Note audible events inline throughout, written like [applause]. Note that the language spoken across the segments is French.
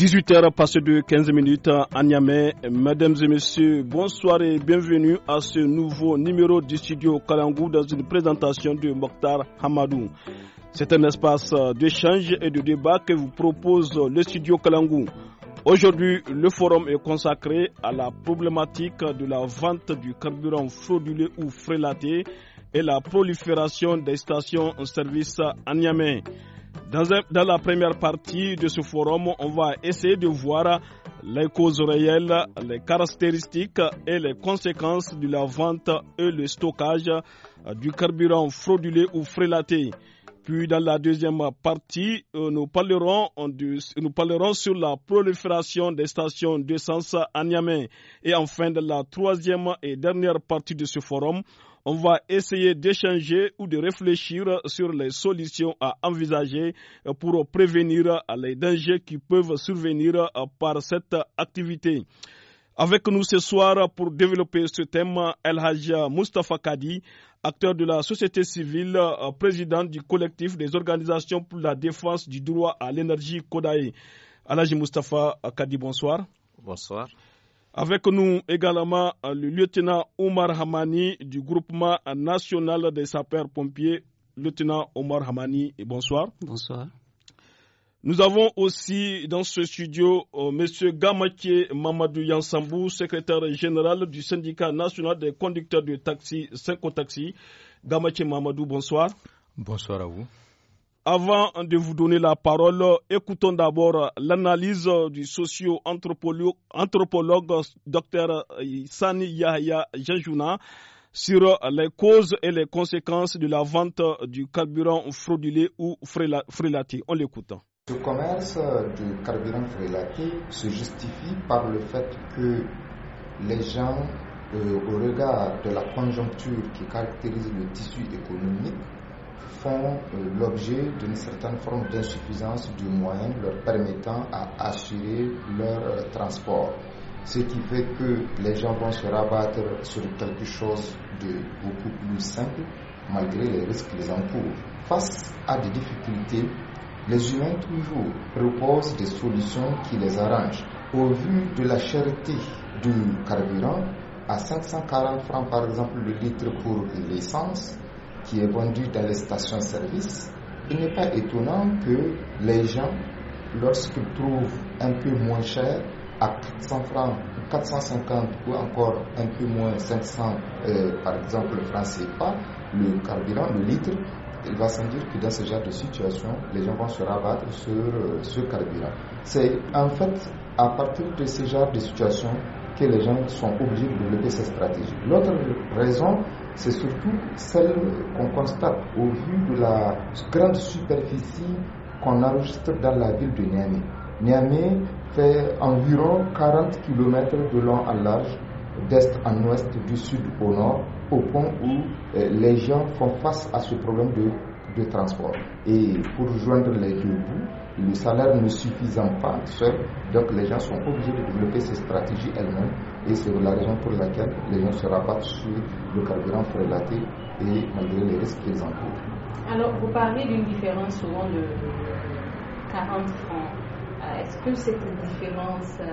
18h passé de 15 minutes à Niamey. Mesdames et messieurs, bonsoir et bienvenue à ce nouveau numéro du studio Kalangou dans une présentation de Mokhtar Hamadou. C'est un espace d'échange et de débat que vous propose le studio Kalangou. Aujourd'hui, le forum est consacré à la problématique de la vente du carburant frauduleux ou frélaté et la prolifération des stations en service à Niamey. Dans, la première partie de ce forum, on va essayer de voir les causes réelles, les caractéristiques et les conséquences de la vente et le stockage euh, du carburant fraudulé ou frélaté. Puis dans la deuxième partie, euh, nous parlerons, nous parlerons sur la prolifération des stations d'essence à Niamey. Et enfin, dans la troisième et dernière partie de ce forum, on va essayer d'échanger ou de réfléchir sur les solutions à envisager pour prévenir les dangers qui peuvent survenir par cette activité. Avec nous ce soir pour développer ce thème, El Hajj Mustafa Kadi, acteur de la société civile, président du collectif des organisations pour la défense du droit à l'énergie El Haji Mustafa Kadi, bonsoir. Bonsoir. Avec nous également euh, le lieutenant Omar Hamani du groupement national des sapeurs-pompiers. Lieutenant Omar Hamani, bonsoir. Bonsoir. Nous avons aussi dans ce studio euh, M. Mamadou Yansambou, secrétaire général du syndicat national des conducteurs de taxi, 5 Taxi. Mamadou, bonsoir. Bonsoir à vous. Avant de vous donner la parole, écoutons d'abord l'analyse du socio-anthropologue Dr Sani Yahya Jajuna sur les causes et les conséquences de la vente du carburant fraudulé ou frélaté. On l'écoute. Le commerce du carburant frélaté se justifie par le fait que les gens, euh, au regard de la conjoncture qui caractérise le tissu économique, font euh, l'objet d'une certaine forme d'insuffisance du moyen leur permettant à assurer leur euh, transport. Ce qui fait que les gens vont se rabattre sur quelque chose de beaucoup plus simple malgré les risques qu'ils encourent. Face à des difficultés, les humains toujours proposent des solutions qui les arrangent. Au vu de la cherté du carburant, à 540 francs par exemple le litre pour l'essence, qui est vendu dans les stations-service, il n'est pas étonnant que les gens, lorsqu'ils trouvent un peu moins cher, à 400 francs, 450 ou encore un peu moins 500, euh, par exemple le franc le carburant, le litre, il va sans dire que dans ce genre de situation, les gens vont se rabattre sur euh, ce carburant. C'est en fait à partir de ce genre de situation que les gens sont obligés de développer ces stratégies. L'autre raison, c'est surtout celle qu'on constate au vu de la grande superficie qu'on enregistre dans la ville de Niamey. Niamey fait environ 40 km de long en large, d'est en ouest, du sud au nord, au point où euh, les gens font face à ce problème de, de transport. Et pour joindre les deux bouts, le salaire ne suffisant pas seul, donc les gens sont obligés de développer ces stratégies elles-mêmes et c'est la raison pour laquelle les gens se rabattent sur le carburant frélaté et malgré les risques qu'ils encourent. Alors, vous parlez d'une différence souvent de 40 francs. Euh, est-ce que cette différence euh,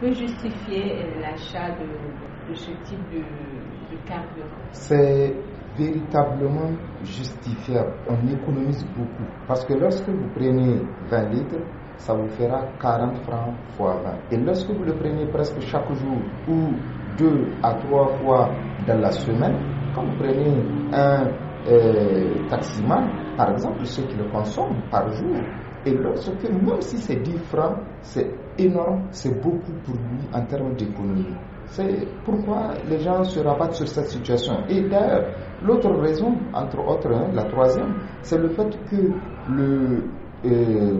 peut justifier euh, l'achat de, ce type de, carburant C'est véritablement justifiable. On économise beaucoup. Parce que lorsque vous prenez 20 litres, ça vous fera 40 francs fois 20. Et lorsque vous le prenez presque chaque jour ou deux à trois fois dans la semaine, quand vous prenez un euh, par exemple, ceux qui le consomment par jour, et lorsque, même si c'est 10 francs, c'est énorme, c'est beaucoup pour lui en termes d'économie. C'est pourquoi les gens se rabattent sur cette situation. Et d'ailleurs, l'autre raison, entre autres, hein, la troisième, c'est le fait que le, euh,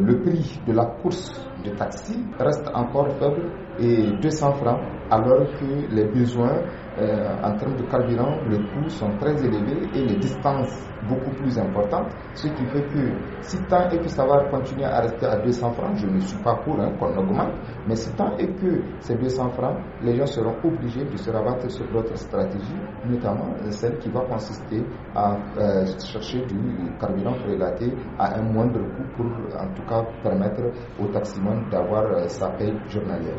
le prix de la course de taxi reste encore faible et 200 francs, alors que les besoins euh, en termes de carburant, les coûts sont très élevés et les distances beaucoup plus importantes, ce qui fait que si tant est que ça va continuer à rester à 200 francs, je ne suis pas pour hein, qu'on augmente, mais si tant est que ces 200 francs, les gens seront obligés de se rabattre sur d'autres stratégies, notamment euh, celle qui va consister à euh, chercher du carburant relaté à un moindre coût pour en tout cas permettre au taximan d'avoir sa paye journalière.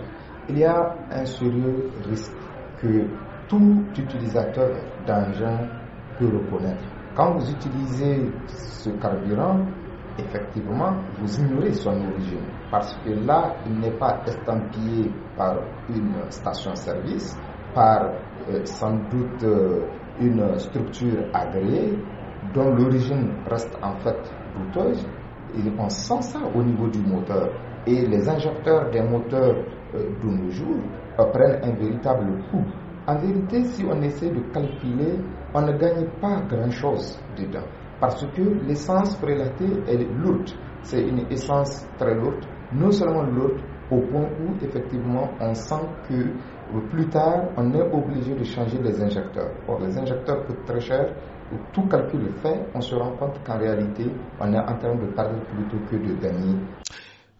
Il y a un sérieux risque que tout utilisateur d'engin peut reconnaître. Quand vous utilisez ce carburant, effectivement, vous ignorez son origine. Parce que là, il n'est pas estampillé par une station-service, par euh, sans doute euh, une structure agréée, dont l'origine reste en fait douteuse. Il on sent ça au niveau du moteur. Et les injecteurs des moteurs euh, de nos jours prennent un véritable coup en vérité, si on essaie de calculer, on ne gagne pas grand-chose dedans. Parce que l'essence prélatée, est lourde. C'est une essence très lourde. Non seulement lourde, au point où effectivement on sent que euh, plus tard, on est obligé de changer les injecteurs. Or, les injecteurs coûtent très cher. Tout calcul fait, on se rend compte qu'en réalité, on est en train de parler plutôt que de gagner.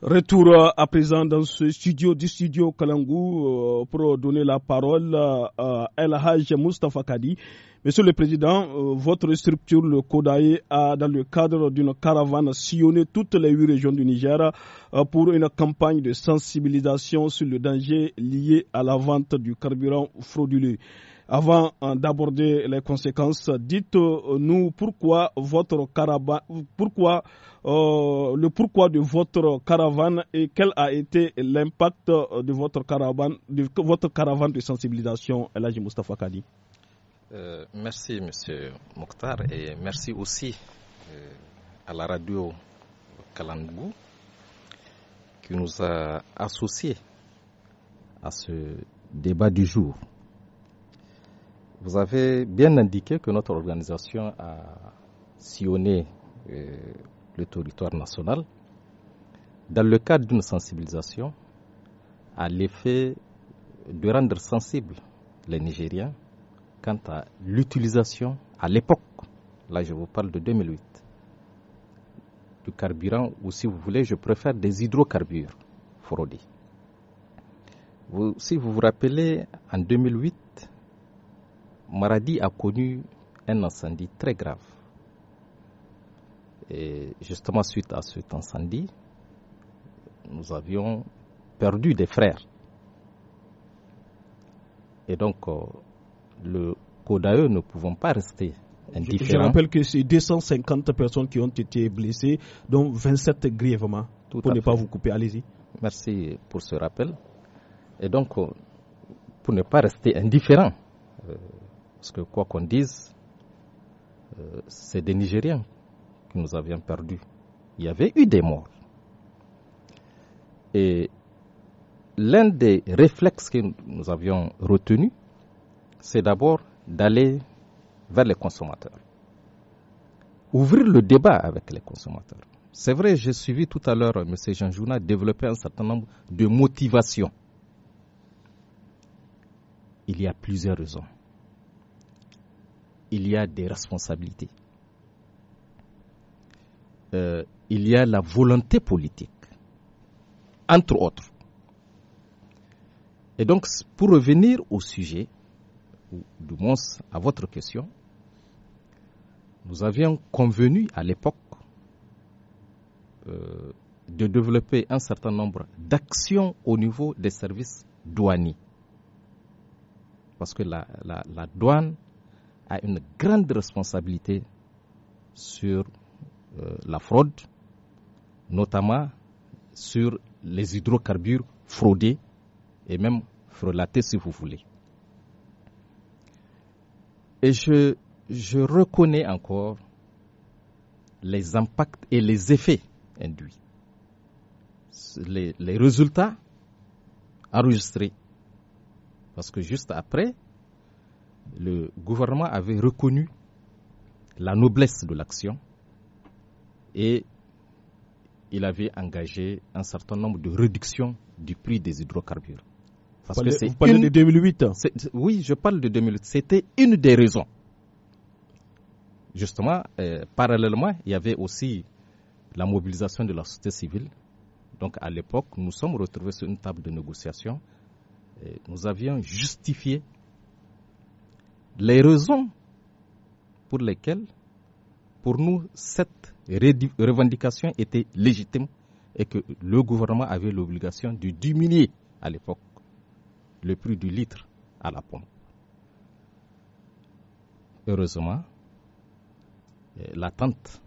Retour à présent dans ce studio du studio Kalangou euh, pour donner la parole euh, à El Haj Mustafa Kadi. Monsieur le Président, euh, votre structure, le Kodaye a, dans le cadre d'une caravane, sillonné toutes les huit régions du Niger pour une campagne de sensibilisation sur le danger lié à la vente du carburant frauduleux. Avant euh, d'aborder les conséquences, dites-nous euh, pourquoi votre caravane, pourquoi euh, le pourquoi de votre caravane et quel a été l'impact de votre caravane, de votre caravane de sensibilisation, Elhaji Mustafa Kadi. merci, Monsieur Mokhtar, et merci aussi à la radio Kalangou qui nous a associés à ce débat du jour vous avez bien indiqué que notre organisation a sillonné euh, le territoire national dans le cadre d'une sensibilisation à l'effet de rendre sensibles les Nigériens quant à l'utilisation à l'époque, là je vous parle de 2008, du carburant, ou si vous voulez, je préfère des hydrocarbures fraudés. si vous vous rappelez, en 2008, Maradi a connu un incendie très grave. Et justement, suite à cet incendie, nous avions perdu des frères. Et donc, euh, le CODAE ne pouvons pas rester indifférent. Je, rappelle que c'est 250 personnes qui ont été blessées, dont 27 grièvement. pour ne pas vous couper, allez-y. Merci pour ce rappel. Et donc, euh, pour ne pas rester indifférent, euh, parce que quoi qu'on dise, euh, c'est des Nigériens que nous avions perdus. Il y avait eu des morts. Et l'un des réflexes que nous avions retenus, c'est d'abord d'aller vers les consommateurs. Ouvrir le débat avec les consommateurs. C'est vrai, j'ai suivi tout à l'heure M. Jean Jouna développer un certain nombre de motivations. Il y a plusieurs raisons il y a des responsabilités. Euh, il y a la volonté politique, entre autres. Et donc, pour revenir au sujet, ou du moins à votre question, nous avions convenu à l'époque euh, de développer un certain nombre d'actions au niveau des services douaniers. Parce que la douane a une grande responsabilité sur euh, la fraude, notamment sur les hydrocarbures fraudés et même frelatés si vous voulez. Et je, reconnais encore les impacts et les effets induits. les résultats enregistrés. Parce que juste après, le gouvernement avait reconnu la noblesse de l'action et il avait engagé un certain nombre de réductions du prix des hydrocarbures. vous parlez, que de 2008 hein. Oui, je parle de 2008. C'était une des raisons. Justement, euh, parallèlement, il y avait aussi la mobilisation de la société civile. Donc à l'époque, nous sommes retrouvés sur une table de négociation. nous avions justifié les raisons pour lesquelles, pour nous, cette revendication était légitime et que le gouvernement avait l'obligation de diminuer à l'époque le prix du litre à la pompe. Heureusement, euh, l'attente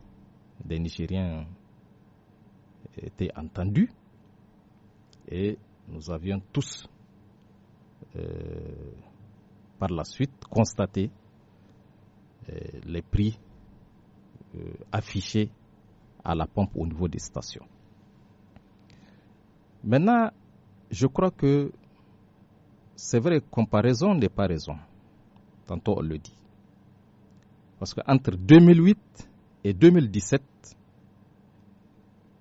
des Nigériens était entendue et nous avions tous euh, par la suite constater euh, les prix euh, affichés à la pompe au niveau des stations. Maintenant, je crois que c'est vrai, comparaison n'est pas raison. Tantôt on le dit. Parce qu'entre 2008 et 2017,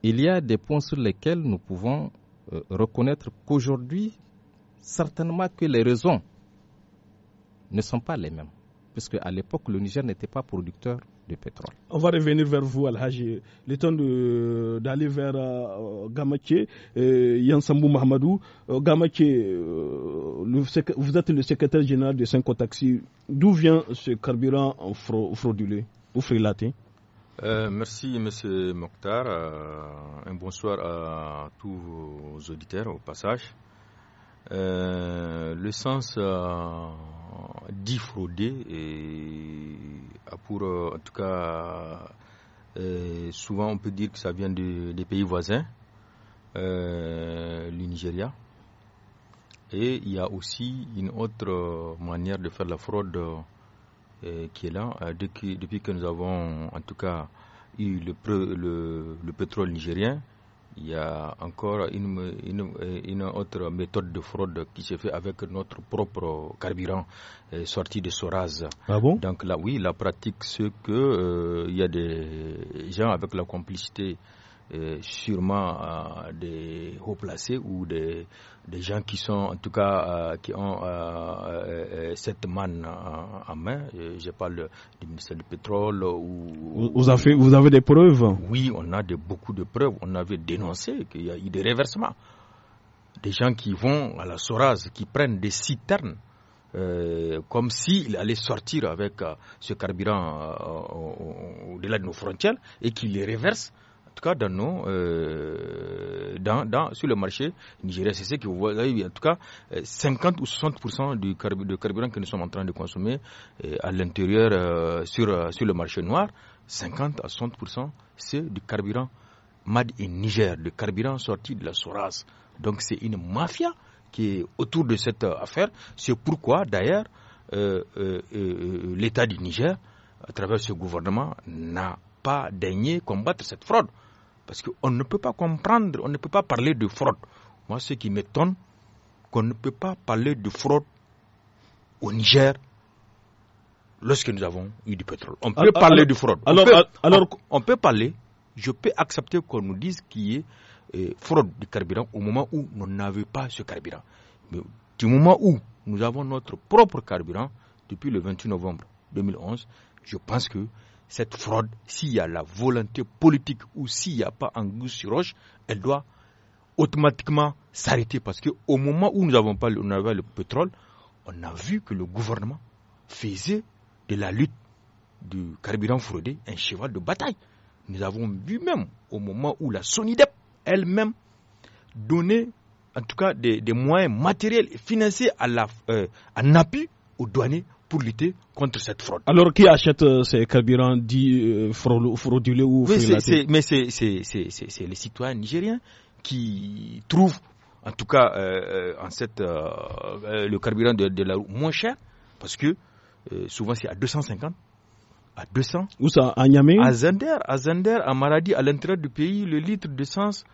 il y a des points sur lesquels nous pouvons euh, reconnaître qu'aujourd'hui, certainement que les raisons ne sont pas les mêmes, puisque à l'époque, le Niger n'était pas producteur de pétrole. On va revenir vers vous, Al-Haji. Le temps d'aller vers euh, Gamache, euh, Yansambou Mahmadou. Euh, vous êtes le secrétaire général de 5 Taxi. D'où vient ce carburant fraudulé ou frélaté merci Monsieur Mokhtar, un bonsoir à tous vos auditeurs au passage. le sens diffraudé et euh, pour euh, en tout cas euh, souvent on peut dire que ça vient des pays voisins, le Nigeria. Et il y a aussi une autre manière de faire la fraude qui est là. Depuis, que nous avons en tout cas eu le, le, le pétrole nigérien, il y a encore une, une, une, autre méthode de fraude qui se fait avec notre propre carburant euh, sorti de Soraz. Ah bon Donc là, oui, la pratique, c'est que euh, il y a des gens avec la complicité euh, sûrement euh, des hauts placés ou des, gens qui sont, en tout cas, euh, qui ont cette manne en, main. Je parle du ministère du pétrole. vous, avez, vous avez des preuves Oui, on a de, beaucoup de preuves. On avait dénoncé qu'il y a eu des réversements Des gens qui vont à la Soraz, qui prennent des citernes. comme s'ils allaient sortir avec ce carburant au-delà de nos frontières et qui les réversent en tout cas dans nos, euh, sur le marché nigérien, c'est ce que vous voyez, en tout cas 50 euh, ou 60% du carburant que nous sommes en train de consommer euh, à l'intérieur sur, le marché noir, 50 à 60% c'est du carburant Mad in Niger, du carburant sorti de la Soras. Donc c'est une mafia qui est autour de cette affaire. C'est pourquoi d'ailleurs l'État du Niger, à travers ce gouvernement, n'a pas daigné combattre cette fraude. Parce qu'on ne peut pas comprendre, on ne peut pas parler de fraude. Moi, ce qui m'étonne, qu'on ne peut pas parler de fraude au Niger lorsque nous avons eu du pétrole. On peut parler de fraude. alors, on, peut parler, je peux accepter qu'on nous dise qu'il y ait euh, fraude du carburant au moment où nous n'avons pas ce carburant. Mais du moment où nous avons notre propre carburant, depuis le 28 novembre 2011, je pense que cette fraude, s'il y a la volonté politique ou s'il n'y a pas un goût sur roche, elle doit automatiquement s'arrêter parce qu'au moment où nous n'avons pas le, le pétrole, on a vu que le gouvernement faisait de la lutte du carburant fraudé un cheval de bataille. Nous avons vu même au moment où la SONIDEP elle-même donnait en tout cas des, moyens matériels et financiers à la, en euh, appui aux douaniers pour lutter contre cette fraude. Alors, qui achète euh, ces carburants dits euh, frauduleux ou Mais c'est les citoyens nigériens qui trouvent, en tout cas, euh, en cette, le carburant de, la roue moins cher, parce que souvent c'est à 250 à 200. Où ça À Niamey À Zender, à Zender, à Maradi, à l'intérieur du pays, le litre d'essence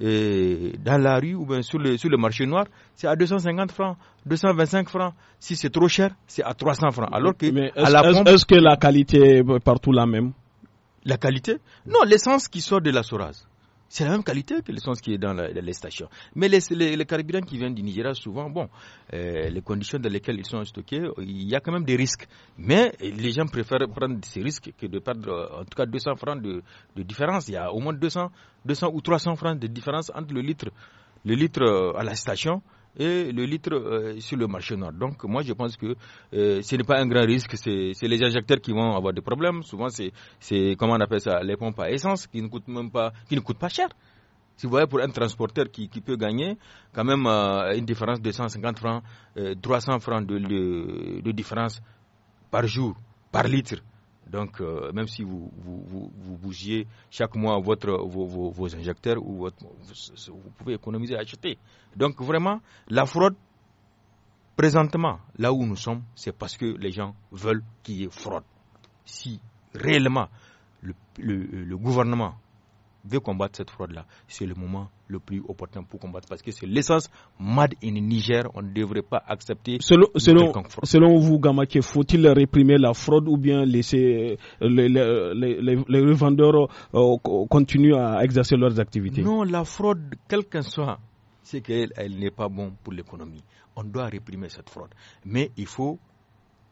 dans la rue ou bien sur le, marché noir, c'est à 250 francs, 225 francs. Si c'est trop cher, c'est à 300 francs. Alors que est-ce, est-ce que la qualité est partout la même La qualité Non, l'essence qui sort de la Soraz, c'est la même qualité que l'essence qui est dans, les stations. Mais les, les, qui viennent du Nigeria, souvent, bon, euh, les conditions dans lesquelles ils sont stockés, il y a quand même des risques. Mais les gens préfèrent prendre ces risques que de perdre euh, en tout cas 200 francs de, de différence. Il y a au moins 200, 200 ou 300 francs de différence entre le litre, le litre euh, à la station et le litre euh, sur le marché noir. Donc moi je pense que euh, ce n'est pas un grand risque, c'est les injecteurs qui vont avoir des problèmes. Souvent c'est comment on appelle ça, les pompes à essence qui ne coûtent même pas, qui ne coûtent pas cher. Si vous voyez, pour un transporteur qui, peut gagner quand même euh, une différence de 150 francs, 300 francs de différence par jour, par litre. Donc, euh, même si vous, vous, vous, bougiez chaque mois votre, vos, injecteurs, ou vous, pouvez économiser, et acheter. Donc, vraiment, la fraude, présentement, là où nous sommes, c'est parce que les gens veulent qu'il y ait fraude. Si réellement le gouvernement veut combattre cette fraude-là, c'est le moment le plus opportun pour combattre parce que c'est l'essence mad in Niger. On ne devrait pas accepter. Selon, selon, selon vous, Gamaké, faut-il réprimer la fraude ou bien laisser euh, les, revendeurs euh, continuer à exercer leurs activités Non, la fraude, quel qu'elle soit, c'est qu'elle elle, n'est pas bonne pour l'économie. On doit réprimer cette fraude. Mais il faut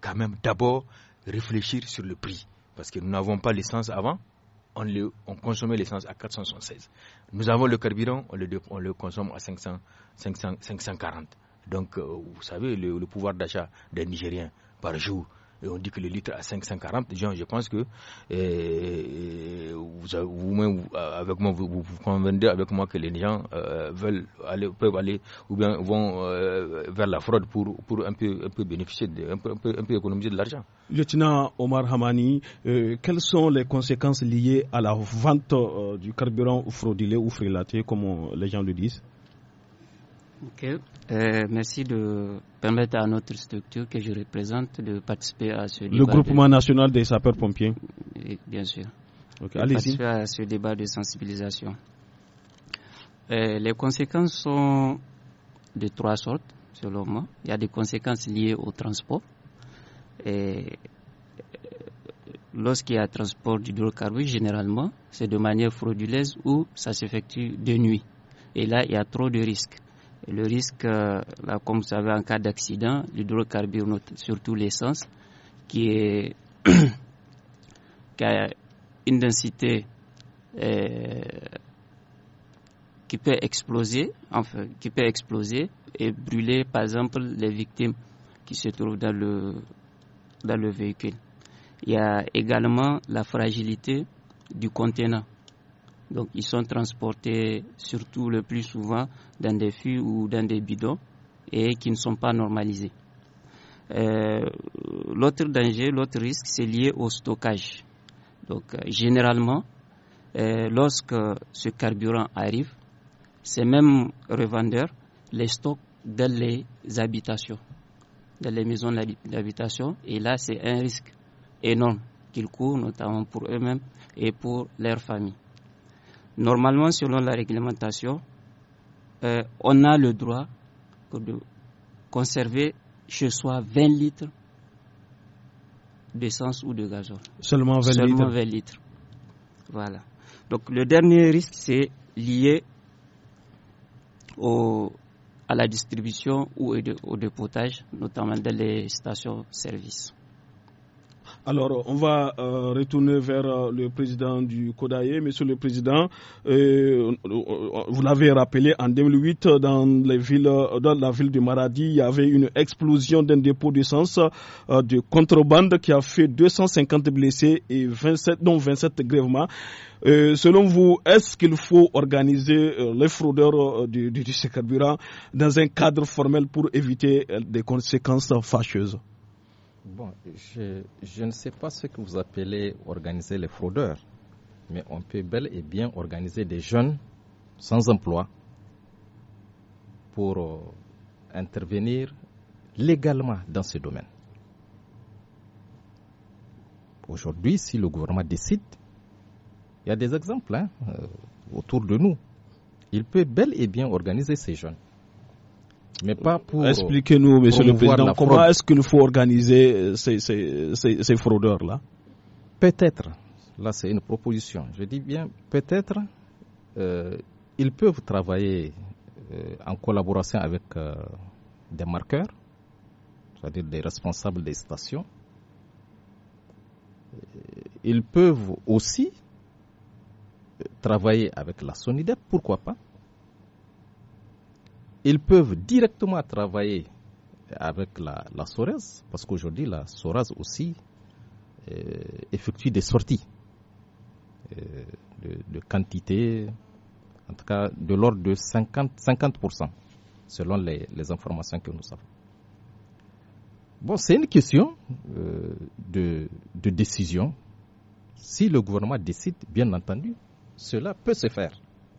quand même d'abord réfléchir sur le prix parce que nous n'avons pas l'essence avant on, le, on consommait l'essence à 476. Nous avons le carburant, on le, on le consomme à 540. Donc, euh, vous savez, le pouvoir d'achat des Nigériens par jour, et on dit que le litre à 540, gens, je pense que eh, eh, vous-même, vous, avec moi, vous, convenez avec moi que les gens euh, veulent aller, peuvent aller ou bien vont euh, vers la fraude pour, un, peu, un, peu, économiser de l'argent. Lieutenant Omar Hamani, euh, quelles sont les conséquences liées à la vente du carburant fraudulé ou frélaté, comme les gens le disent Ok. Euh, merci de permettre à notre structure que je représente de participer à ce débat. Le groupement national des sapeurs-pompiers Bien sûr. Okay, participer à ce débat de sensibilisation. Euh, les conséquences sont de trois sortes, selon moi. Il y a des conséquences liées au transport. Et euh, lorsqu'il y a transport d'hydrocarbures, généralement, c'est de manière frauduleuse ou ça s'effectue de nuit. Et là, il y a trop de risques. Le risque, euh, bah, comme vous savez, en cas d'accident, l'hydrocarbure, surtout l'essence, qui, [coughs] a une densité euh, qui peut exploser, enfin, qui peut exploser et brûler, par exemple, les victimes qui se trouvent dans le, dans le véhicule. Il y a également la fragilité du contenant. Donc ils sont transportés surtout le plus souvent dans des fûts ou dans des bidons et qui ne sont pas normalisés. Euh, l'autre danger, l'autre risque, c'est lié au stockage. Donc euh, généralement, euh, lorsque ce carburant arrive, ces mêmes revendeurs les stockent dans les habitations, dans les maisons d'habitation. Et là, c'est un risque énorme qu'ils courent, notamment pour eux-mêmes et pour leurs familles. Normalement, selon la réglementation, euh, on a le droit de conserver chez soi 20 litres d'essence ou de gazole. Seulement 20 Seulement 20 litres. Voilà. Donc le dernier risque, c'est lié au, à la distribution ou au dépotage, notamment dans les stations-service. Alors, on va euh, retourner vers euh, le président du Kodaye. Monsieur le président, euh, vous l'avez rappelé, en 2008, dans, les villes, dans la ville de Maradi, il y avait une explosion d'un dépôt d'essence de contrebande qui a fait 250 blessés et 27, dont 27 grèvements. selon vous, est-ce qu'il faut organiser les fraudeurs du de, de dans un cadre formel pour éviter des conséquences fâcheuses Bon, je, ne sais pas ce que vous appelez organiser les fraudeurs, mais on peut bel et bien organiser des jeunes sans emploi pour euh, intervenir légalement dans ce domaine. Aujourd'hui, si le gouvernement décide, il y a des exemples hein, euh, autour de nous. Il peut bel et bien organiser ces jeunes mais pas pour. Expliquez-nous, Monsieur le Président, comment est-ce qu'il faut organiser euh, ces, fraudeurs-là Peut-être, là c'est une proposition, je dis bien peut-être, euh, ils peuvent travailler euh, en collaboration avec des marqueurs, c'est-à-dire des responsables des stations. Ils peuvent aussi travailler avec la SONIDEP, pourquoi pas ils peuvent directement travailler avec la, la parce qu'aujourd'hui, la Soraz aussi euh, effectue des sorties euh, de, quantité, en tout cas de l'ordre de 50%, 50 selon les, informations que nous avons. Bon, c'est une question euh, de décision. Si le gouvernement décide, bien entendu, cela peut se faire.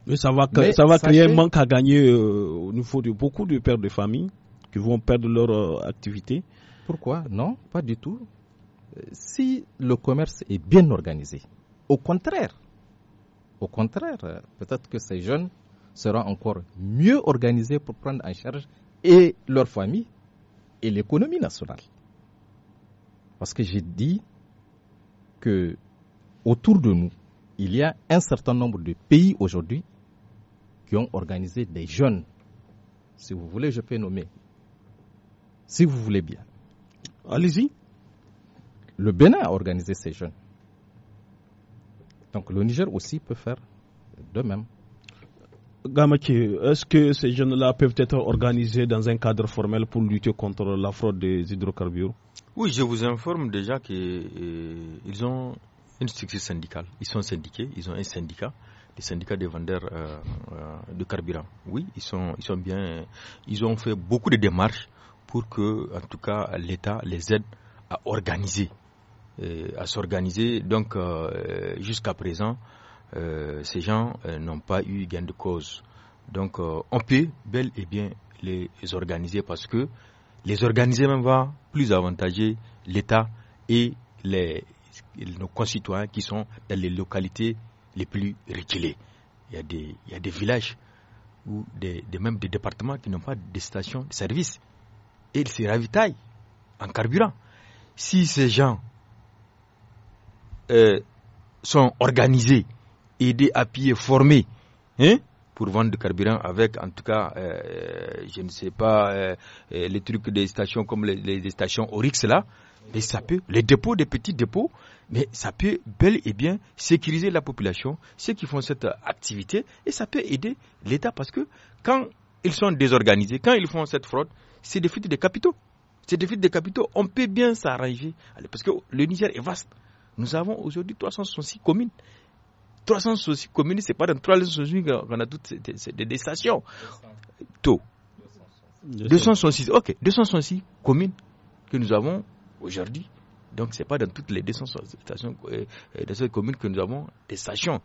Mais ça va, créer un manque à gagner euh, au niveau de beaucoup de pères de famille qui vont perdre leur euh, activité. Pourquoi Non, pas du tout. Euh, si le commerce est bien organisé, au contraire, au contraire, peut-être que ces jeunes seront encore mieux organisés pour prendre en charge et leur famille et l'économie nationale. Parce que j'ai dit que autour de nous, il y a un certain nombre de pays aujourd'hui qui ont organisé des jeunes. Si vous voulez, je peux nommer. Si vous voulez bien. Allez-y. Le Bénin a organisé ces jeunes. Donc le Niger aussi peut faire de même. Gamaki, est-ce que ces jeunes-là peuvent être organisés dans un cadre formel pour lutter contre la fraude des hydrocarbures Oui, je vous informe déjà qu'ils euh, ont une structure syndicale. Ils sont syndiqués, ils ont un syndicat les syndicats des vendeurs euh, euh, de carburant. Oui, ils sont, ils sont bien, ils ont fait beaucoup de démarches pour que, en tout cas, l'État les aide à organiser, euh, à s'organiser. Donc, jusqu'à présent, ces gens n'ont pas eu gain de cause. Donc, on peut bel et bien les organiser parce que les organiser même va plus avantager l'État et les, nos concitoyens qui sont dans les localités les plus reculés. Il y a des, il des villages ou des, même des départements qui n'ont pas de station de service. Et ils se ravitaillent en carburant. Si ces gens euh, sont organisés, aidés, appuyés, formés, hein, pour vendre du carburant avec, en tout cas, euh, euh, je ne sais pas, euh, les trucs des stations comme les, stations Oryx là. Mais ça peut, les dépôts, des petits dépôts, mais ça peut bel et bien sécuriser la population, ceux qui font cette activité, et ça peut aider l'État parce que quand ils sont désorganisés, quand ils font cette fraude, c'est des fuites de capitaux. C'est des fuites de capitaux, on peut bien s'arranger. Parce que le Niger est vaste. Nous avons aujourd'hui 366 communes. 366 communes, c'est pas dans 366 qu'on a toutes des stations. Tôt. 266, ok, 266 communes que nous avons aujourd'hui. Donc, ce n'est pas dans toutes les 266 stations, euh, euh, communes que nous avons des stations.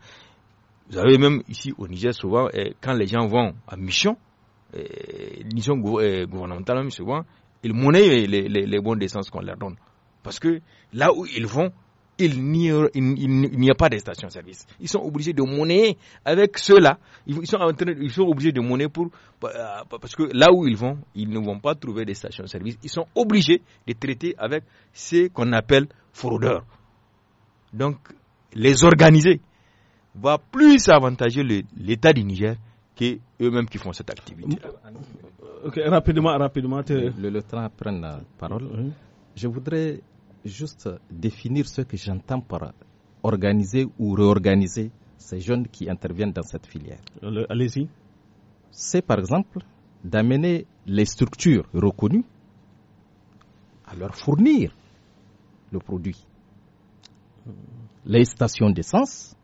Vous avez même ici au Niger, souvent, euh, quand les gens vont à mission, mission gouvernementale, souvent, ils monnaient les, les, les bons d'essence qu'on leur donne. Parce que là où ils vont, il n'y a pas de station-service. Ils sont obligés de monnayer avec ceux-là. Ils sont, en train, ils sont obligés de monnayer pour, parce que là où ils vont, ils ne vont pas trouver des stations-service. Ils sont obligés de traiter avec ce qu'on appelle fraudeurs. Donc, les organiser va plus avantager l'État du Niger queux eux-mêmes qui font cette activité. Euh, ok, rapidement, rapidement. Le, le, le la parole. Je voudrais juste définir ce que j'entends par organiser ou réorganiser ces jeunes qui interviennent dans cette filière. Euh, allez-y. C'est par exemple d'amener les structures reconnues à leur fournir le produit. Les stations d'essence,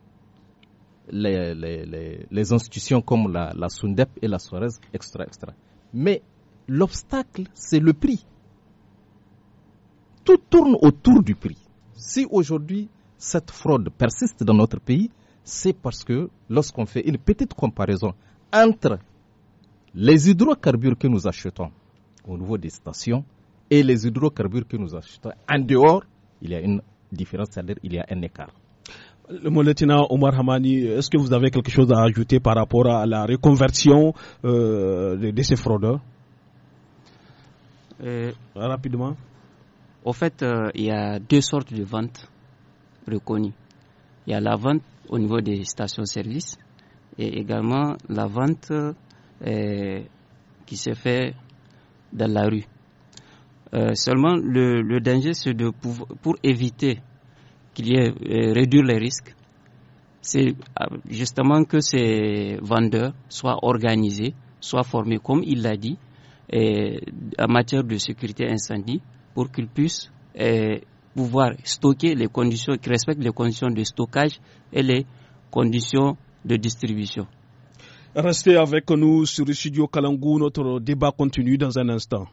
les, institutions comme la, la Sundep et la Suarez, extra, extra. Mais l'obstacle, c'est le prix tout tourne autour du prix. Si aujourd'hui cette fraude persiste dans notre pays, c'est parce que lorsqu'on fait une petite comparaison entre les hydrocarbures que nous achetons au niveau des stations et les hydrocarbures que nous achetons en dehors, il y a une différence, c'est-à-dire il y a un écart. Le lieutenant Omar Hamani, est-ce que vous avez quelque chose à ajouter par rapport à la reconversion euh, de, ces fraudeurs euh, Rapidement. Au fait, euh, il y a deux sortes de ventes reconnues. Il y a la vente au niveau des stations-service et également la vente euh, qui se fait dans la rue. Euh, seulement, le, danger, c'est de pour, éviter qu'il y ait réduire les risques. C'est ah, justement que ces vendeurs soient organisés, soient formés, comme il l'a dit, en matière de sécurité incendie, pour qu'ils puissent euh, pouvoir stocker les conditions, qui respectent les conditions de stockage et les conditions de distribution. Restez avec nous sur le studio Kalangou, notre débat continue dans un instant.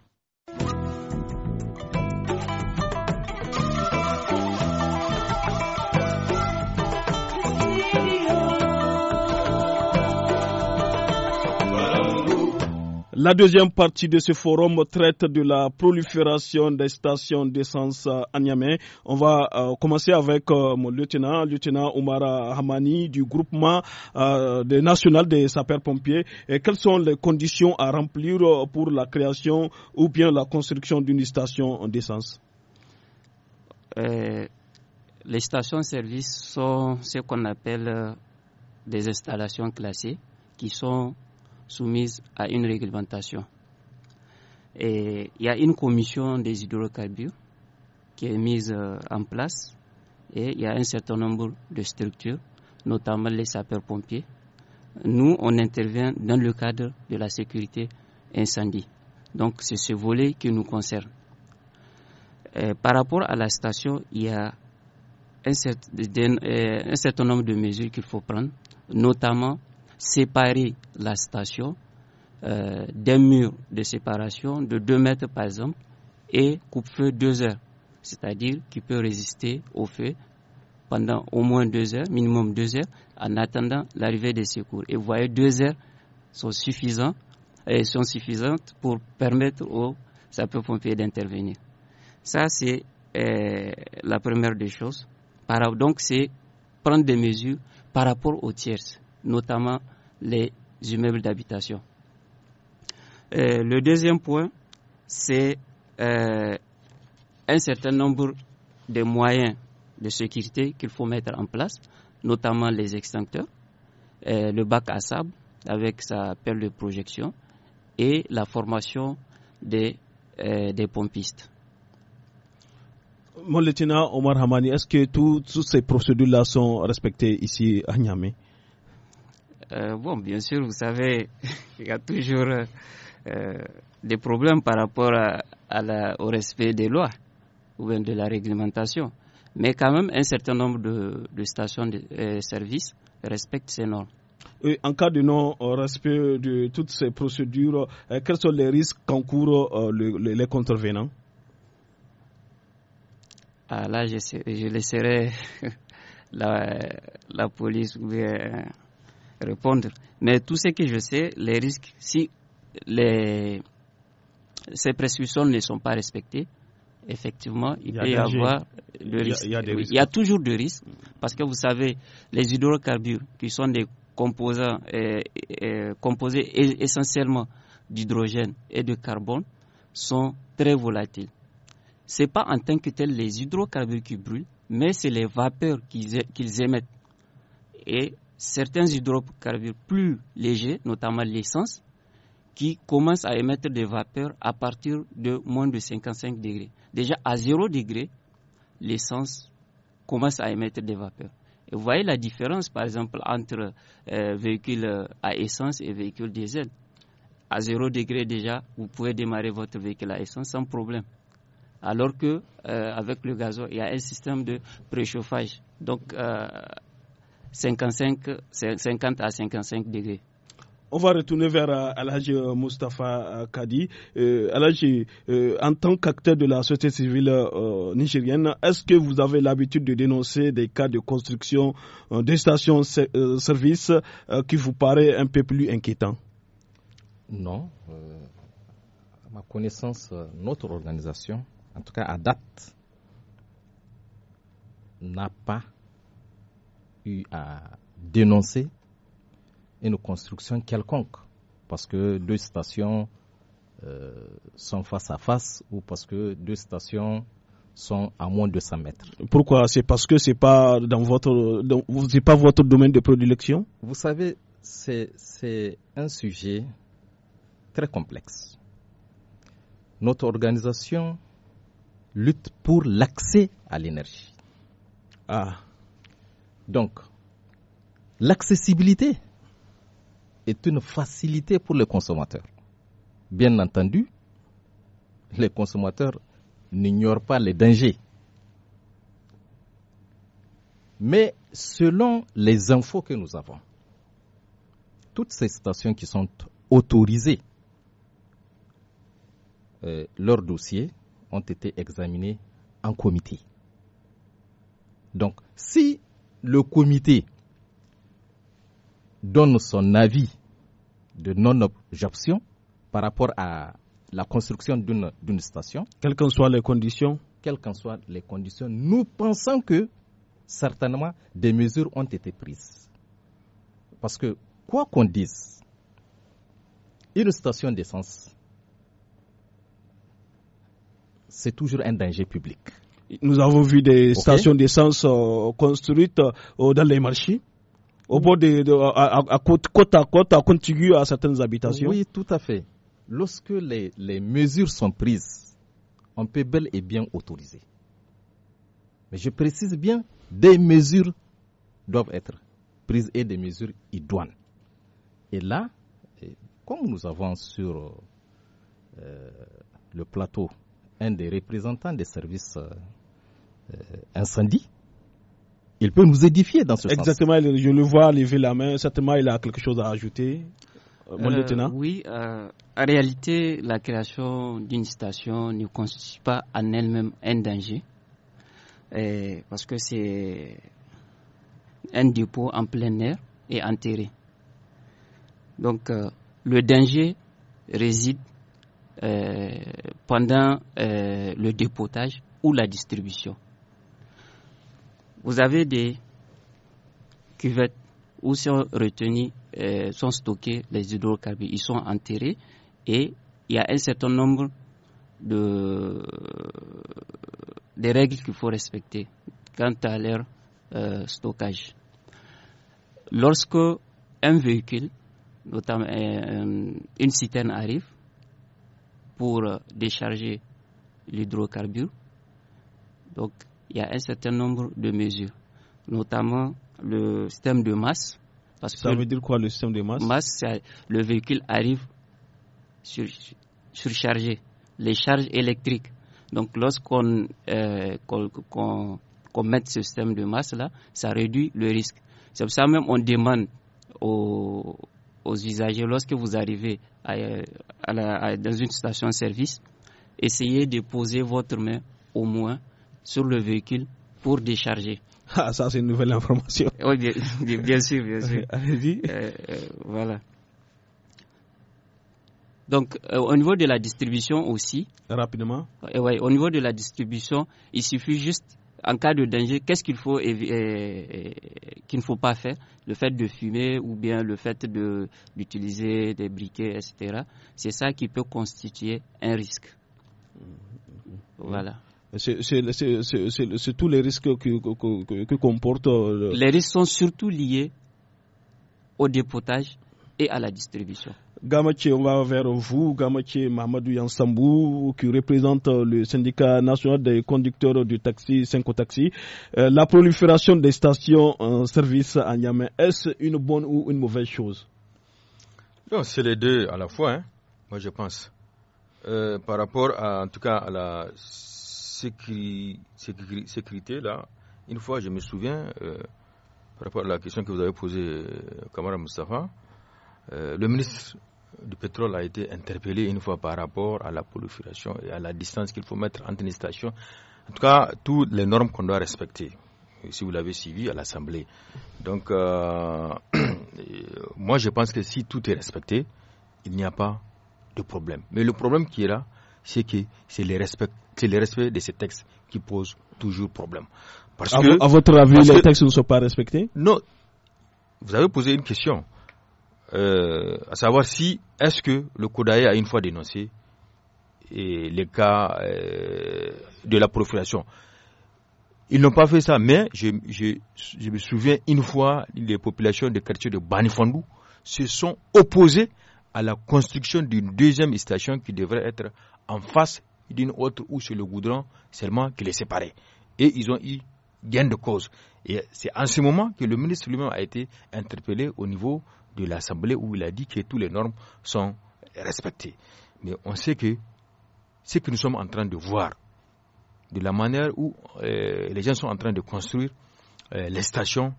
La deuxième partie de ce forum traite de la prolifération des stations d'essence à Niamey. On va euh, commencer avec euh, mon lieutenant, lieutenant Omar Hamani du groupement euh, national des sapeurs-pompiers. Quelles sont les conditions à remplir pour la création ou bien la construction d'une station d'essence Les stations-service sont ce qu'on appelle des installations classées qui sont soumise à une réglementation. Et il y a une commission des hydrocarbures qui est mise euh, en place et il y a un certain nombre de structures, notamment les sapeurs-pompiers. Nous, on intervient dans le cadre de la sécurité incendie. Donc, c'est ce volet qui nous concerne. Euh, par rapport à la station, il y a un euh, certain nombre de mesures qu'il faut prendre, notamment séparer la station euh, d'un mur de séparation de 2 mètres par exemple et coupe-feu 2 heures, c'est-à-dire qu'il peut résister au feu pendant au moins 2 heures, minimum 2 heures, en attendant l'arrivée des secours. Et vous voyez, 2 heures sont suffisantes, euh, sont suffisantes pour permettre aux sapeurs-pompiers d'intervenir. Ça, c'est euh, la première des choses. Donc, c'est prendre des mesures par rapport aux tierces notamment les immeubles d'habitation. Euh, le deuxième point, c'est euh, un certain nombre de moyens de sécurité qu'il faut mettre en place, notamment les extincteurs, euh, le bac à sable avec sa perle de projection et la formation des, pompistes. Mon lieutenant Omar Hamani, est-ce que toutes, toutes ces procédures-là sont respectées ici à Niamey euh, bon, bien sûr, vous savez, [laughs] il y a toujours euh, des problèmes par rapport à, au respect des lois ou bien de la réglementation. Mais quand même, un certain nombre de, stations de euh, service respectent ces normes. en cas de non-respect de toutes ces procédures, quels sont les risques qu'encourent les contrevenants ah, Là, je, laisserai [laughs] la, la police ou bien répondre. Mais tout ce que je sais, les risques, si les, ces prescriptions ne sont pas respectées, effectivement, il, peut y avoir le risque. Il y, a, toujours des risques, parce que vous savez, les hydrocarbures, qui sont des composants, euh, euh, composés essentiellement d'hydrogène et de carbone, sont très volatiles. Ce n'est pas en tant que tel les hydrocarbures qui brûlent, mais c'est les vapeurs qu'ils émettent. Et certains hydrocarbures plus légers, notamment l'essence, qui commencent à émettre des vapeurs à partir de moins de 55 degrés. Déjà à 0 degré, l'essence commence à émettre des vapeurs. Et vous voyez la différence, par exemple, entre euh, véhicules à essence et véhicules diesel. À 0 degré déjà, vous pouvez démarrer votre véhicule à essence sans problème. Alors que euh, avec le gazole, il y a un système de préchauffage. Donc, euh, 55, 50 à 55 degrés. On va retourner vers euh, Alhaji euh, Mustafa euh, Kadi. Alhaji, en tant qu'acteur de la société civile nigérienne, est-ce que vous avez l'habitude de dénoncer des cas de construction des stations-service qui vous paraît un peu plus inquiétant Non. à ma connaissance, notre organisation, en tout cas à date, n'a pas eu à dénoncer une construction quelconque, parce que deux stations euh, sont face à face ou parce que deux stations sont à moins de 100 mètres. Pourquoi C'est parce que c'est pas dans votre pas votre domaine de prédilection Vous savez, c'est un sujet très complexe. Notre organisation lutte pour l'accès à l'énergie. Ah. Donc, l'accessibilité est une facilité pour les consommateurs. Bien entendu, les consommateurs n'ignorent pas les dangers. Mais selon les infos que nous avons, toutes ces stations qui sont autorisées, euh, leurs dossiers ont été examinés en comité. Donc, si le comité donne son avis de non-objection par rapport à la construction d'une station. Quelles qu'en soient les conditions Quelles qu'en soient les conditions, nous pensons que certainement des mesures ont été prises. Parce que, quoi qu'on dise, une station d'essence, c'est toujours un danger public. Nous avons vu des stations d'essence euh, construites euh, dans les marchés. Au bord de, à, côte, à côte, à contigu à certaines habitations. Oui, tout à fait. Lorsque les, mesures sont prises, on peut bel et bien autoriser. Mais je précise bien, des mesures doivent être prises et des mesures idoines. Et là, comme nous avons sur euh, le plateau un des représentants des services euh, incendie, il peut nous édifier dans ce sens. Exactement, je le vois lever la main. Certainement, il a quelque chose à ajouter. Euh, mon euh, lieutenant Oui, euh, en réalité, la création d'une station ne constitue pas en elle-même un danger. parce que c'est un dépôt en plein air et enterré. Donc, le danger réside euh, pendant euh, le dépotage ou la distribution. Vous avez des cuvettes où sont retenus, euh, sont stockés les hydrocarbures. Ils sont enterrés et il y a un certain nombre de des règles qu'il faut respecter quant à leur stockage. Lorsque un véhicule, notamment une citerne arrive, pour décharger l'hydrocarbure. Donc, il y a un certain nombre de mesures, notamment le système de masse. Ça veut dire quoi le système de masse le véhicule arrive surchargé, les charges électriques. Donc, lorsqu'on euh, met ce système de masse-là, ça réduit le risque. C'est pour ça même on demande aux, aux usagers lorsque vous arrivez à, euh, dans une station-service, essayez de poser votre main au moins sur le véhicule pour décharger. [laughs] Ah, ça c'est une nouvelle information. [laughs] Oui, bien, sûr, bien sûr. Allez-y. Euh, euh, voilà. Donc, au niveau de la distribution aussi. Rapidement. oui, au niveau de la distribution, il suffit juste en cas de danger, qu'est-ce qu'il faut euh, euh, qu'il ne faut pas faire Le fait de fumer ou bien le fait d'utiliser des briquets, etc. C'est ça qui peut constituer un risque. Mm-hmm. Voilà. C'est tous les risques que, comportent... Euh, les risques sont surtout liés au dépotage et à la distribution. Gamache, on va vers vous. Gamache Mamadou Yansambou, qui représente euh, le syndicat national des conducteurs du taxi, Cinco Taxi. Euh, la prolifération des stations en service à Niamey, est-ce une bonne ou une mauvaise chose C'est les deux à la fois, hein, moi je pense. Euh, par rapport à, en tout cas, à la sécurité, là, une fois, je me souviens, par rapport à la question que vous avez posée, Kamara Mustafa, le ministre du pétrole a été interpellé une fois par rapport à la prolifération et à la distance qu'il faut mettre entre les stations. En tout cas, toutes les normes qu'on doit respecter, si vous l'avez suivi à l'Assemblée. Donc, euh, [clears throat] euh, moi, je pense que si tout est respecté, il n'y a pas de problème. Mais le problème qui est là, c'est que c'est le respect, respect de ces textes qui pose toujours problème. Parce que, à votre avis, les textes ne sont pas respectés Non. Vous avez posé une question. Euh, à savoir si est-ce que le Kodaï a une fois dénoncé eh, les cas euh, de la profilation Ils n'ont pas fait ça, mais je, me souviens une fois, les populations des quartiers de Banifandou se sont opposées à la construction d'une deuxième station qui devrait être en face d'une autre ou sur le goudron seulement qui les séparait. Et ils ont eu gain de cause. Et c'est en ce moment que le ministre lui-même a été interpellé au niveau de l'Assemblée où il a dit que toutes les normes sont respectées. Mais on sait que ce que nous sommes en train de voir, de la manière où euh, les gens sont en train de construire euh, les stations,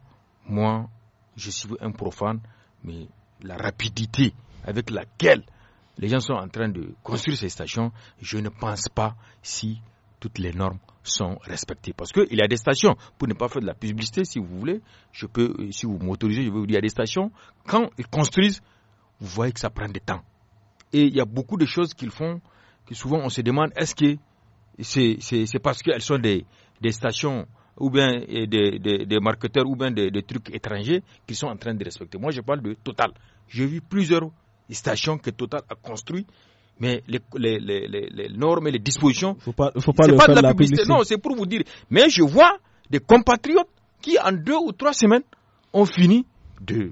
moi, je suis un profane, mais la rapidité avec laquelle les gens sont en train de construire ces stations, je ne pense pas si toutes les normes sont respectées. Parce qu'il y a des stations, pour ne pas faire de la publicité, si vous voulez, je peux, euh, si vous m'autorisez, je vais vous dire, il y a des stations, quand ils construisent, vous voyez que ça prend du temps. Et il y a beaucoup de choses qu'ils font, que souvent on se demande, est-ce que c'est parce qu'elles sont des, stations ou bien des, des, marketeurs ou bien des, trucs étrangers qui sont en train de respecter. Moi, je parle de Total. J'ai vu plusieurs stations que Total a construites mais les, normes et les dispositions. Faut pas, faut pas, de la, publicité. Non, c'est pour vous dire. Mais je vois des compatriotes qui, en deux ou trois semaines, ont fini de,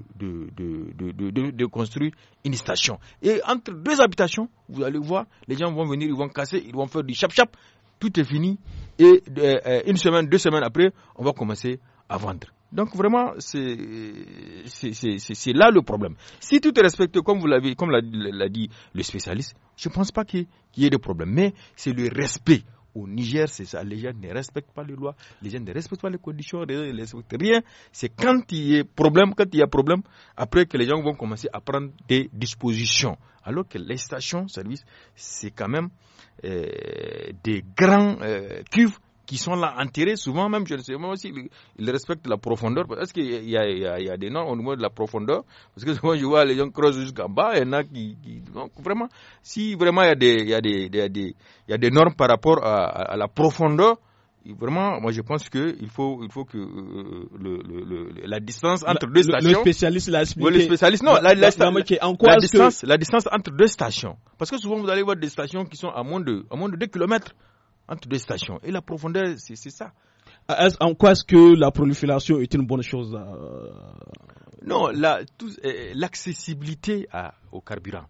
construire une station. Et entre deux habitations, vous allez voir, les gens vont venir, ils vont casser, ils vont faire du chap-chap. Tout est fini. Et euh, euh, une semaine, deux semaines après, on va commencer à vendre. Donc vraiment, c'est là le problème. Si tout est respecté, comme vous l'avez, comme l'a dit le spécialiste, je ne pense pas qu'il y ait de problème. Mais c'est le respect. Au Niger, c'est ça. Les gens ne respectent pas les lois, les gens ne respectent pas les conditions, les rien. C'est quand il y a problème, quand il y a problème, après que les gens vont commencer à prendre des dispositions. Alors que les stations services c'est quand même euh, des grands euh, cuves qui sont là enterrés souvent même je ne sais pas aussi ils respectent la profondeur Est-ce qu'il y, y, a des normes au niveau de la profondeur parce que [laughs] souvent je vois les gens creusent jusqu'en bas il y en a qui, vraiment si vraiment il y a des normes par rapport à, la profondeur vraiment, moi je pense qu'il faut, il faut que euh, le, la distance entre deux stations. Le spécialiste l'a expliqué. spécialiste, non, la, distance, entre deux stations. Parce que souvent vous allez voir des stations qui sont à moins de, à moins de 2 kilomètres entre deux stations. Et la profondeur, c'est ça. en quoi est-ce que la prolifération est une bonne chose euh? Non, euh, l'accessibilité au carburant,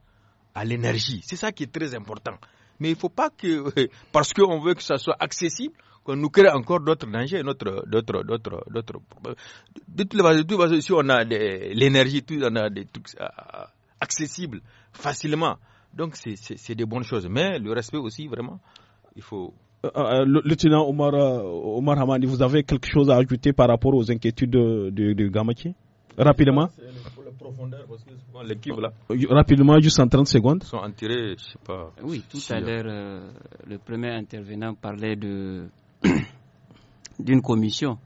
à l'énergie, c'est ça qui est très important. Mais il ne faut pas que, [laughs] parce qu'on veut que ça soit accessible, qu'on nous crée encore d'autres dangers, d'autres, d'autres, d'autres, d'autres. De toute façon, si on a l'énergie, on a des trucs euh, accessibles facilement. Donc, c'est des bonnes choses. Mais le respect aussi, vraiment, il faut euh, euh, le, lieutenant Omar, euh, Omar, Hamani, vous avez quelque chose à ajouter par rapport aux inquiétudes de, de, Rapidement Rapidement, juste en 30 secondes. sont je sais pas. Oui, tout à l'heure, le premier intervenant parlait [coughs] d'une commission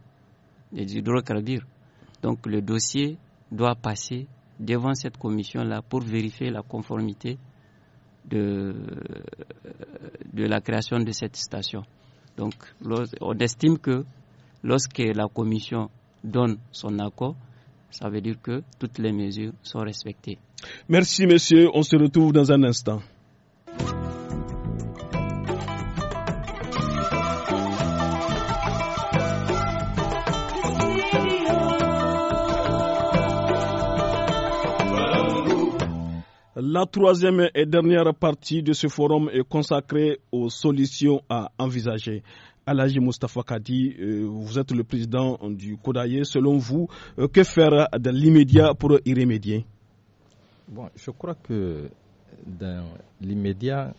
des hydrocarbures. Donc le dossier doit passer devant cette commission là pour vérifier la conformité de, de la création de cette station. Donc, on estime que lorsque la commission donne son accord, ça veut dire que toutes les mesures sont respectées. Merci, monsieur, On se retrouve dans un instant. La troisième et dernière partie de ce forum est consacrée aux solutions à envisager. Alhaji Mustafa Kadi, euh, vous êtes le président du Kodaye. Selon vous, euh, que faire dans l'immédiat pour y remédier bon, Je crois que dans l'immédiat,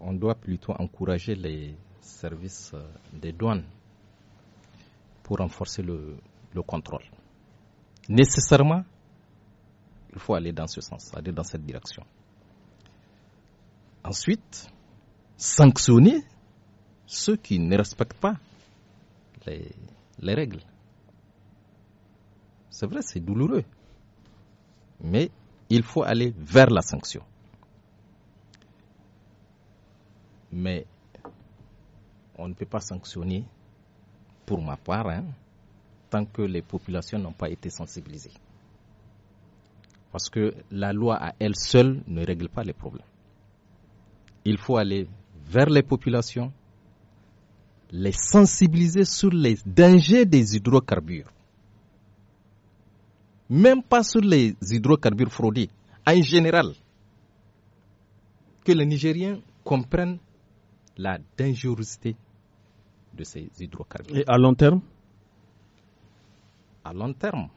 on doit plutôt encourager les services euh, des douanes pour renforcer le contrôle. Nécessairement, il faut aller dans ce sens, aller dans cette direction. Ensuite, sanctionner ceux qui ne respectent pas les, règles. C'est vrai, c'est douloureux. Mais il faut aller vers la sanction. Mais on ne peut pas sanctionner, pour ma part, hein, tant que les populations n'ont pas été sensibilisées. Parce que la loi à elle seule ne règle pas les problèmes. Il faut aller vers les populations, les sensibiliser sur les dangers des hydrocarbures. Même pas sur les hydrocarbures fraudés, en général. Que les Nigériens comprennent la dangerosité de ces hydrocarbures. Et à long terme À long terme,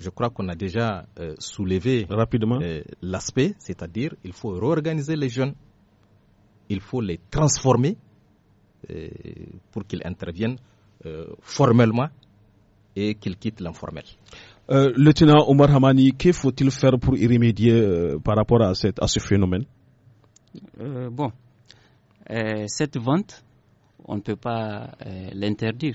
je crois qu'on a déjà euh, soulevé rapidement euh, l'aspect, c'est-à-dire il faut réorganiser les jeunes, il faut les transformer euh, pour qu'ils interviennent formellement et qu'ils quittent l'informel. Lieutenant Omar Hamani, que faut-il faire pour y remédier par rapport à, à ce phénomène Bon, cette vente, on ne peut pas l'interdire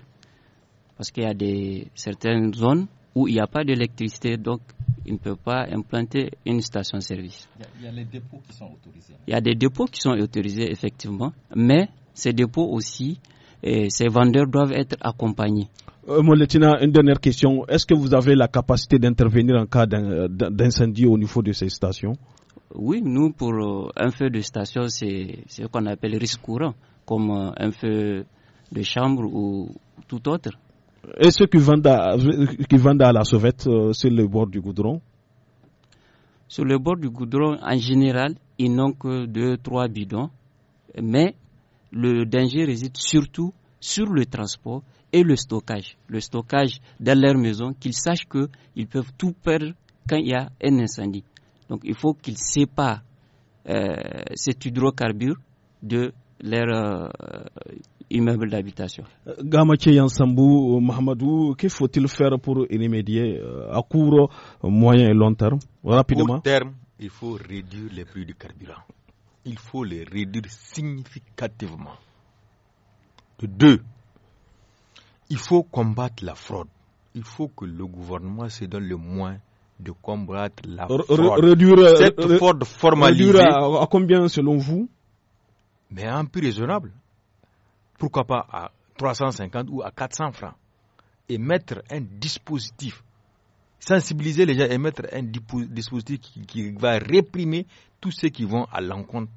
parce qu'il y a des, certaines zones où il n'y a pas d'électricité, donc il ne peut pas implanter une station-service. Il y, a, dépôts qui sont autorisés. Il y a des dépôts qui sont autorisés, effectivement, mais ces dépôts aussi, eh, ces vendeurs doivent être accompagnés. Euh, Mon lieutenant, une dernière question. Est-ce que vous avez la capacité d'intervenir en cas d'incendie au niveau de ces stations Oui, nous, pour euh, un feu de station, c'est ce qu'on appelle risque courant, comme euh, un feu de chambre ou tout autre. Et ceux qui vendent à, la sauvette euh, sur le bord du goudron Sur le bord du goudron, en général, ils n'ont que 2-3 bidons. Mais le danger réside surtout sur le transport et le stockage. Le stockage dans leur maison, qu'ils sachent qu'ils peuvent tout perdre quand il y a un incendie. Donc il faut qu'ils séparent euh, cet hydrocarbure de leur euh, immeubles d'habitation. Gamache Yansambou, euh, Mahamadou, que faut-il faire pour y remédier euh, à court, moyen et long terme Rapidement. À terme, il faut réduire les prix du carburant. Il faut les réduire significativement. De deux, il faut combattre la fraude. Il faut que le gouvernement se donne le moins de combattre la fraude. Réduire, Cette fraude formalisée. à, combien selon vous Mais un peu raisonnable pourquoi pas à 350 ou à 400 francs, et mettre un dispositif, sensibiliser les gens et mettre un dispositif qui, va réprimer tous ceux qui vont à l'encontre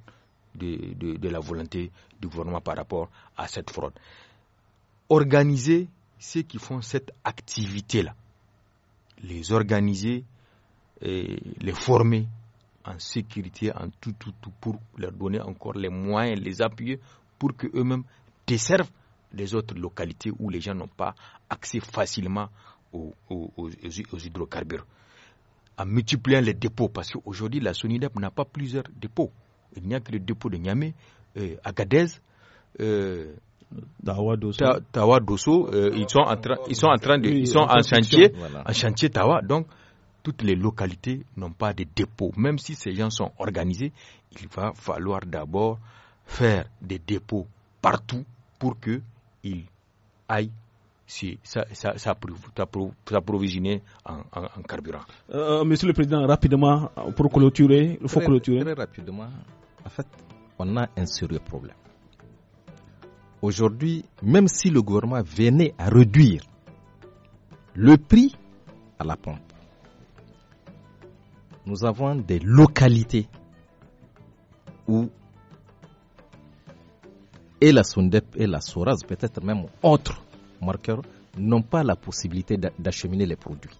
de, la volonté du gouvernement par rapport à cette fraude. Organiser ceux qui font cette activité-là, les organiser, et les former en sécurité, en tout, tout, tout, pour leur donner encore les moyens, les appuyer pour qu'eux-mêmes desservent les autres localités où les gens n'ont pas accès facilement aux, hydrocarbures. En multipliant les dépôts, parce qu'aujourd'hui, la SONIDEP n'a pas plusieurs dépôts. Il n'y a que le dépôt de Niamey, Agadez, euh, euh, Tawa Dosso. Euh, ils, sont en train, de, sont chantier, en chantier Tawa. Donc, toutes les localités n'ont pas de dépôts. Même si ces gens sont organisés, il va falloir d'abord faire des dépôts partout pour qu'il aille s'approvisionner en, carburant. Euh, euh, monsieur le Président, rapidement, pour clôturer, il faut clôturer. Très rapidement, en fait, on a un sérieux problème. Aujourd'hui, même si le gouvernement venait à réduire le prix à la pompe, nous avons des localités où et la SUNDEP et la Soraz, peut-être même autres marqueurs, n'ont pas la possibilité d'acheminer les produits.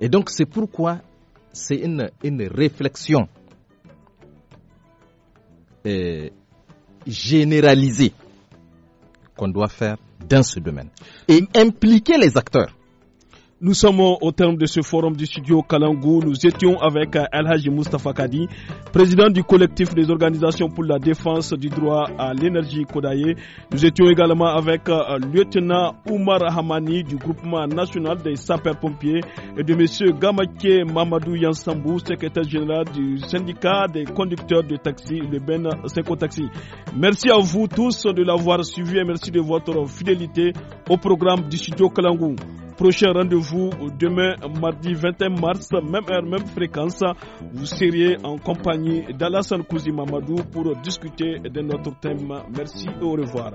Et donc c'est pourquoi c'est une, une, réflexion euh, généralisée qu'on doit faire dans ce domaine et impliquer les acteurs. Nous sommes au terme de ce forum du studio Kalangou. Nous étions avec Alhaji euh, Mustafa Kadi, président du collectif des organisations pour la défense du droit à l'énergie Kodaye. Nous étions également avec euh, lieutenant Oumar Hamani du groupement national des sapeurs-pompiers et de monsieur Gamake Mamadou Yansambou, secrétaire général du syndicat des conducteurs de taxi, le Ben Seco Taxi. Merci à vous tous de l'avoir suivi et merci de votre fidélité au programme du studio Kalangou prochain rendez-vous demain, mardi 21 mars, même heure, même fréquence. Vous seriez en compagnie d'Alassane Kouzi Mamadou pour discuter de notre thème. Merci et au revoir.